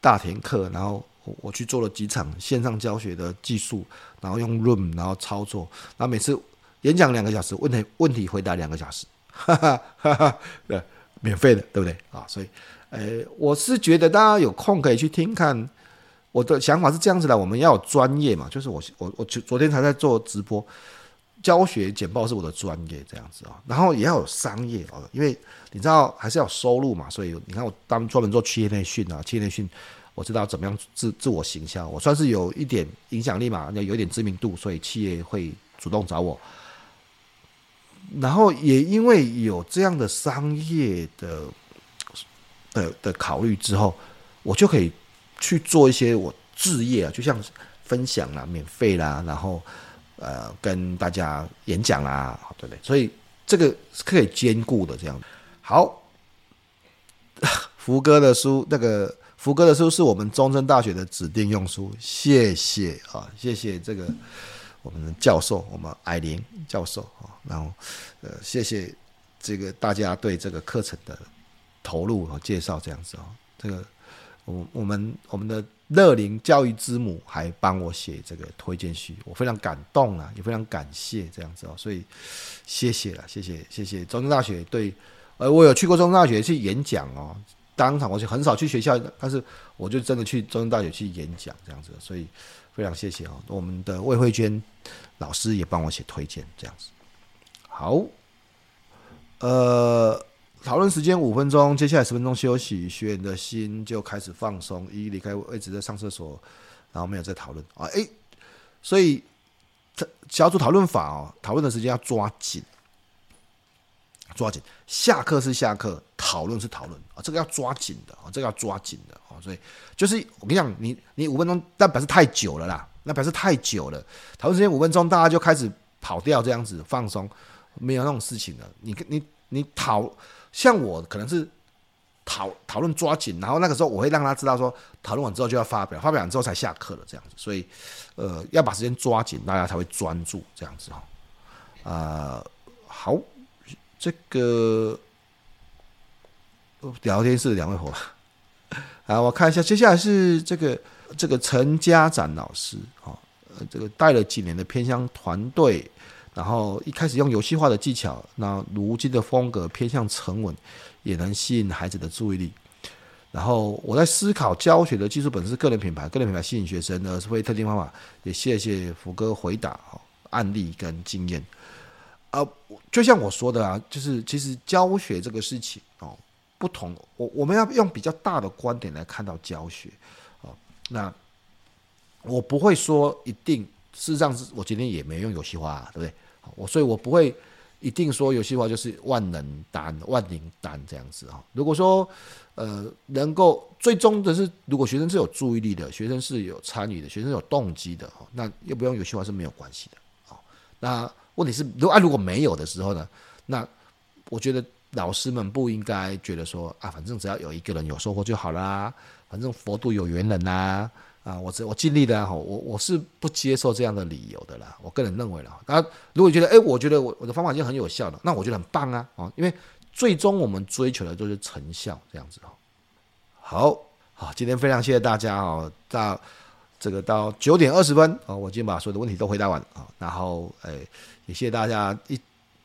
大田課，然後我去做了幾場線上教學的技術，然後用 Room，然後操作，然後每次演講兩個小時，問題問題回答兩個小時，哈哈哈哈哈，對，免費的對不對啊？所以。哎，我是覺得大家有空可以去聽看。我的想法是這樣子的：我們要有專業嘛，就是我我我昨昨天才在做直播教學，簡報是我的專業這樣子啊、哦。然後也要有商業哦，因為你知道還是要有收入嘛。所以你看我當專門做企業內訓啊，企業內訓我知道怎麼樣自自我行銷，我算是有一點影響力嘛，要有一點知名度，所以企業會主動找我。然後也因為有這樣的商業的。的的考慮之後，我就可以去做一些我志業啊，就像分享啦，、啊，、免費啦，、啊，然後呃跟大家演講啦、啊，對不對？所以這個是可以兼顧的。這樣好，福哥的書，那個福哥的書是我們中正大學的指定用書。謝謝啊，謝謝這個我們的教授，我們艾琳教授啊，然後呃謝謝這個大家對這個課程的。投入和介紹這樣子哦，這個我我們我們的樂齡教育之母還幫我寫這個推薦序，我非常感動啊，也非常感謝這樣子哦，所以謝謝了，謝謝、啊、謝謝，謝，謝中央大學對，呃，我有去過中央大學去演講哦，當場我就很少去學校，但是我就真的去中央大學去演講這樣子，所以非常謝謝哦，我們的魏慧娟老師也幫我寫推薦這樣子，好，呃。討論時間五分鐘，接下來十分鐘休息，學員的心就開始放鬆，一,一離開位置在上廁所，然後沒有再討論啊、誒，所以小組討論法哦，討論的時間要抓緊，抓緊，下課是下課，討論是討論啊、哦，這個要抓緊的啊、哦，這個要抓緊的啊、哦，所以就是我跟你講，你你五分鐘但表示太久了啦，那表示太久了，討論時間五分鐘，大家就開始跑掉這樣子放鬆，沒有那種事情了，你你你討。像我可能是討討論抓緊，然後那個時候我會讓他知道說，討論完之後就要發表，發表完之後才下課了這樣子，所以，呃，要把時間抓緊，大家才會專注這樣子哈。啊，好，這個聊天室兩位伙伴，啊，我看一下，接下來是這個這個陳家展老師，啊，這個帶了幾年的偏鄉團隊。然後一開始用遊戲化的技巧，那如今的風格偏向沉穩，也能吸引孩子的注意力。然後我在思考教學的技術本身是個人品牌，個人品牌吸引學生，呢，是會特定方法。也謝謝福哥回答哦，案例跟經驗。呃，就像我說的啊，就是其實教學這個事情哦，不同我我們要用比較大的觀點來看到教學哦。那我不會說一定，事實上是我今天也沒用遊戲化，對不對？我所以，我不會一定說遊戲化就是萬能丹、萬靈丹這樣子啊。如果說，呃，能夠最終的是，如果學生是有注意力的，學生是有參與的，學生是有動機的，那又不用遊戲化是沒有關係的啊。那問題是，如啊如果沒有的時候呢？那我覺得老師們不應該覺得說啊，反正只要有一個人有收穫就好啦、啊，反正佛度有緣人吶、啊。啊，我這我盡力的哈，我我是不接受這樣的理由的啦。我個人認為啦，大家、啊、如果你覺得，誒、欸，我覺得我我的方法已經很有效了，那我覺得很棒啊，哦，因為最終我們追求的就是成效這樣子哈。好，好，今天非常謝謝大家哦，到這個到九點二十分哦，我今天把所有的問題都回答完啊，然後誒也謝謝大家一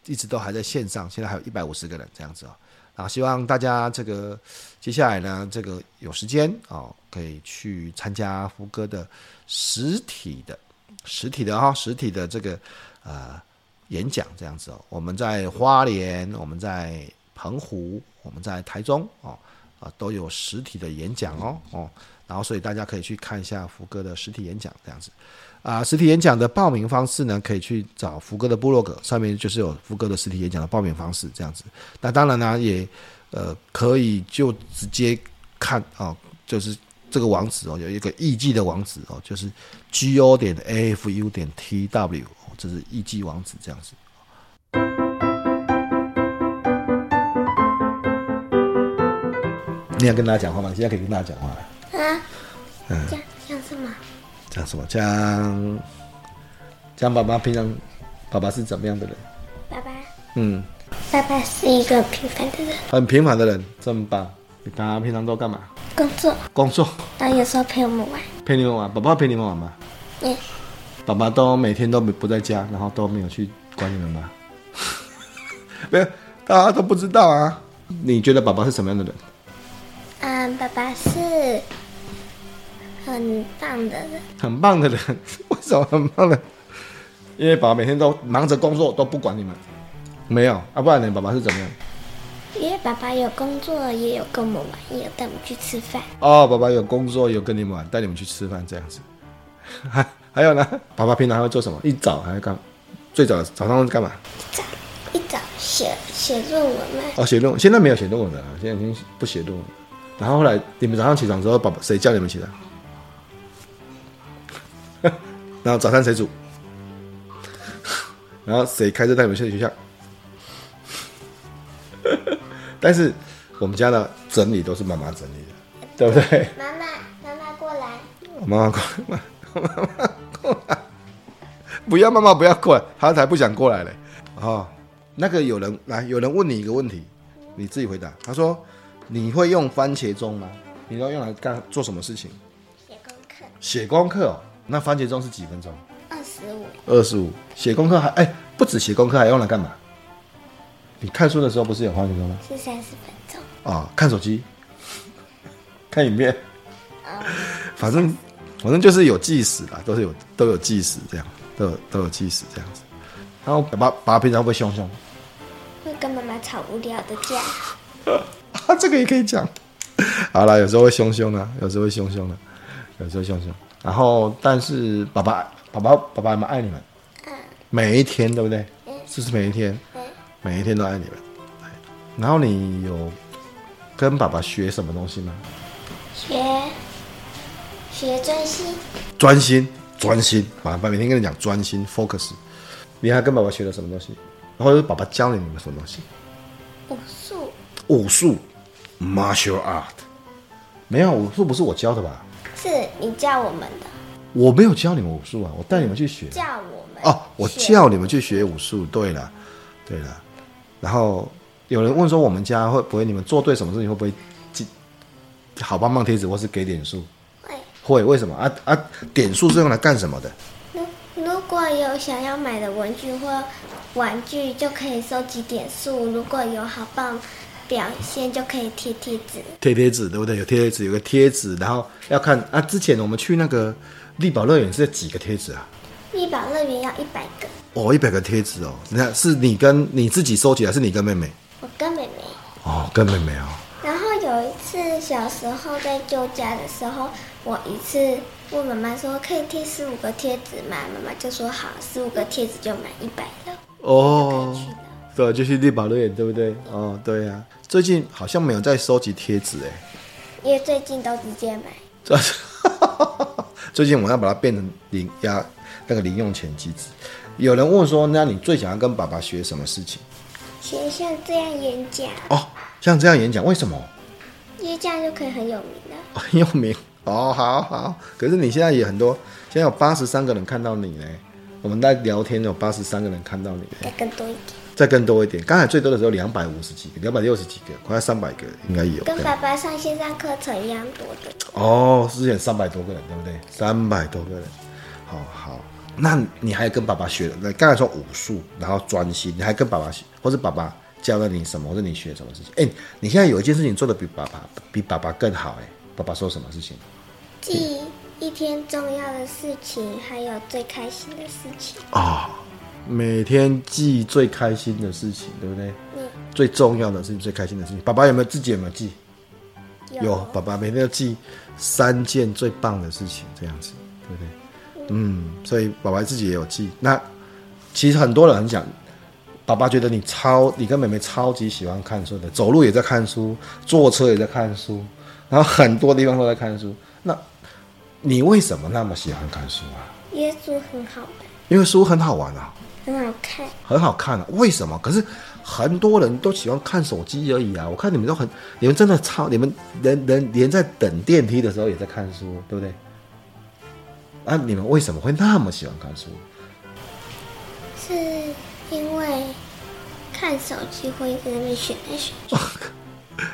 一直都還在線上，現在還有一百五十個人這樣子啊，啊，希望大家這個接下來呢這個有時間啊。可以去參加福哥的實體的、實體的哈、哦、實體的這個呃演講，這樣子哦。我們在花蓮，我們在澎湖，我們在台中哦，啊都有實體的演講哦哦。然後，所以大家可以去看一下福哥的實體演講，這樣子啊。實體演講的報名方式呢，可以去找福哥的部落格，上面就是有福哥的實體演講的報名方式，這樣子。那當然呢，也呃可以就直接看哦，就是。這個網址哦，有一個易記的網址哦，就是 go 點 afu 點 tw，、哦、這是易記網址，這樣子。嗯、你想跟大家講話嗎？你現在可以跟大家講話。啊。嗯。講講什麼？講什麼？講講爸爸，平常爸爸是怎麼樣的人？爸爸。嗯。爸爸是一個平凡的人。很平凡的人，真棒。大家平常都幹嘛？工作，工作。那、啊、有時候陪我們玩？陪你們玩。爸爸陪你們玩嗎？嗯。爸爸都每天都不在家，然後都沒有去管你們嗎？ 沒有，大家都不知道啊。你覺得爸爸是什麼樣的人？嗯，爸爸是很棒的人。很棒的人？為什麼很棒的？因為爸爸每天都忙着工作，都不管你們。沒有啊，不然你爸爸是怎麼樣？因為爸爸有工作，也有跟我們玩，也有帶我們去吃飯。哦，爸爸有工作，也有跟你們玩，帶你們去吃飯這樣子。還 還有呢，爸爸平常還會做什麼？一早還會幹，最早早上幹嘛？一早一早寫寫，寫論文嗎、啊？哦，寫論，現在沒有寫論文了、啊，現在已經不寫論文。然後後來你們早上起床之後，爸爸誰叫你們起來？ 然後早餐誰煮？ 然後誰開車帶你們去學校？但是我們家的整理都是媽媽整理的，對不對？媽媽，媽媽過來。媽媽過來，媽媽過來，不要媽媽不要過來，她才不想過來嘞。哦，那個有人來，有人問你一個問題，你自己回答。他說：“你會用番茄鐘嗎？你要用來幹做什麼事情？”寫功課。寫功課哦，那番茄鐘是幾分鐘？二十五。二十五。寫功課還哎，不止寫功課還用來幹嘛？你看書的時候不是有黃你鐘嗎？是三十分鐘。啊、哦，看手機，看影片，oh, 反正反正就是有計時啦，都是有都有計時這樣，都有都有計時這樣子。然後爸爸爸,爸平常會,會凶凶，會跟媽媽吵無聊的架。 啊，這個也可以講。好啦，有時候會凶凶的、啊，有時候會凶凶的、啊，有時候凶凶。然後但是爸爸爸爸爸爸媽媽愛你們，嗯，每一天對不對？是、嗯、不、就是每一天？每一天都愛你們。然後你有跟爸爸學什麼東西嗎？學，學專心。專心，專心。爸爸每天跟你講專心，focus。你還跟爸爸學了什麼東西？然後爸爸教你，你們什麼東西？武術。武術，martial art。沒有武術不是我教的吧？是你教我們的。我沒有教你們武術啊，我帶你們去學。教我們？哦，我教你們去學武術。對了，對了。然後有人問說，我們家會不會你們做對什麼事情會不會，給好棒棒貼紙或是給點數會？會會為什麼啊啊？點數是用來幹什麼的？如如果有想要買的文具或玩具，就可以收集點數；如果有好棒表現，就可以貼貼紙。貼貼紙對不對？有貼貼紙，有個貼紙，然後要看啊。之前我們去那個麗寶樂園是幾個貼紙啊？麗寶樂園要一百個。哦，一百個貼紙哦，那是你跟你自己收集，還是你跟妹妹？我跟妹妹。哦，跟妹妹哦。然後有一次小時候在舊家的時候，我一次問媽媽說：“可以貼十五個貼紙嗎？”媽媽就說：“好，十五個貼紙就買一百個。”哦，對，就是綠寶樂園，對不對？對哦，對呀、啊。最近好像沒有在收集貼紙哎，因為最近都直接買。 最近我要把它變成零壓那個零用錢機制。有人問說，那你最想要跟爸爸學什麼事情？學像這樣演講哦，像這樣演講，為什麼？因為這樣就可以很有名了。很有名哦，好好。可是你現在也很多，現在有八十三個人看到你呢。我們在聊天有八十三個人看到你，再更多一點，再更多一點。剛才最多的時候兩百五十幾個，兩百六十幾個，快要三百個，應該有。跟爸爸上線上課程一樣多的哦。之前三百多個人，對不對？三百多個人，好好。那你還跟爸爸學？那剛才說武術，然後專心，你還跟爸爸學，或是爸爸教了你什麼，或者你學什麼事情？哎、欸，你現在有一件事情做得比爸爸比爸爸更好，哎，爸爸說什麼事情？記一天重要的事情，還有最開心的事情。啊、哦，每天記最開心的事情，對不對？嗯。最重要的事情，最開心的事情。爸爸有沒有自己有沒有記？記？有，爸爸每天要記三件最棒的事情，這樣子，對不對？嗯，所以爸爸自己也有記。那其實很多人很想，爸爸覺得你超，你跟妹妹超級喜歡看書的，走路也在看書，坐車也在看書，然後很多地方都在看書。那你為什麼那麼喜歡看書啊？因為書很好看，因為書很好玩啊，很好看，很好看啊。為什麼？可是很多人都喜歡看手機而已啊。我看你們都很，你們真的超，你們人人，人連在等電梯的時候也在看書，對不對？啊、你們為什麼會那麼喜歡看書？是因為看手機會在那邊選一選、哦。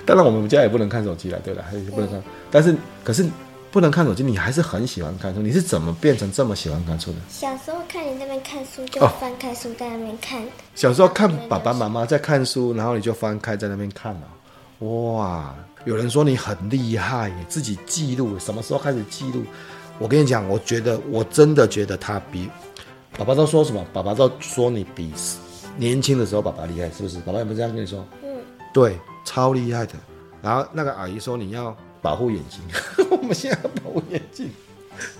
當然，我們家也不能看手機了，對了，嗯、還是不能看。但是，可是不能看手機，你還是很喜歡看書。你是怎麼變成這麼喜歡看書的？小時候看你那邊看書，就翻開書在那邊看、哦。小時候看爸爸媽媽在看書，然後你就翻開在那邊看了、哦。哇！有人說你很厲害，自己記錄，什麼時候開始記錄？我跟你講，我覺得我真的覺得他比爸爸都說什麼？爸爸都說你比年輕的時候爸爸厲害，是不是？爸爸有沒有這樣跟你說？嗯，對，超厲害的。然後那個阿姨說你要保護眼睛， 我們現在要保護眼睛。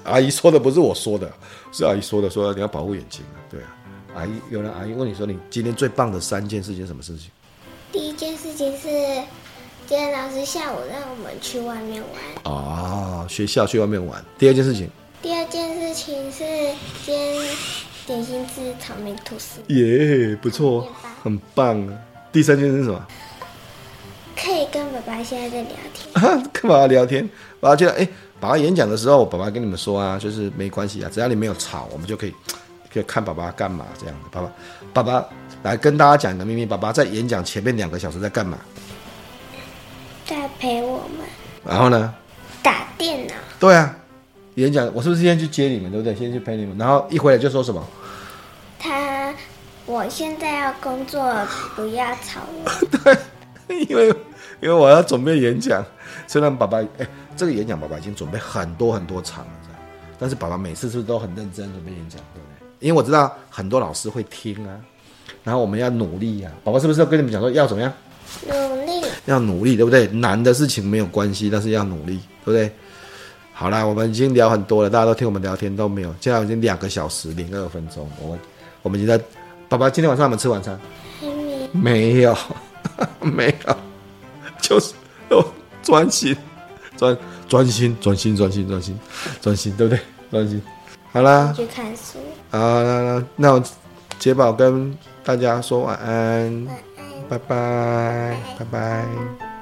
阿姨說的不是我說的，是阿姨說的，說你要保護眼睛。對啊，阿姨，有人阿姨問你說你今天最棒的三件事情是什麼事情？第一件事情是。今天老師下午讓我們去外面玩哦。學校去外面玩。第二件事情。第二件事情是今天點心吃草莓吐司耶，yeah, 不錯，很棒。第三件事是什麼？可以跟爸爸現在在聊天。跟爸爸聊天，爸爸記得哎、欸，爸爸演講的時候，我爸爸跟你們說啊，就是沒關係啊，只要你沒有吵，我們就可以可以看爸爸幹嘛這樣的。爸爸，爸爸來跟大家講一個秘密。爸爸在演講前面兩個小時在幹嘛？在陪我們，然後呢？打電腦。對啊，演講，我是不是先去接你們，對不對？先去陪你們，然後一回來就說什麼？他，我現在要工作，不要吵我。 對，因為因為我要準備演講，雖然爸爸，哎、欸，這個演講爸爸已經準備很多很多場了，是吧？但是爸爸每次是不是都很認真準備演講，對不對？因為我知道很多老師會聽啊，然後我們要努力啊，寶寶是不是要跟你們講說要怎麼樣？努力。要努力，對不對？難的事情沒有關係，但是要努力，對不對？好啦，我們已經聊很多了，大家都聽我們聊天都沒有。現在已經兩個小時零二分鐘，我們我們已經在，爸爸今天晚上我們吃晚餐，還沒，沒有，呵呵，沒有，就是哦，專心專專，專心專心專心專心專心，對不對？專心。好啦，去看書。好、啊、啦，那傑寶跟大家說晚安。嗯拜拜，拜拜。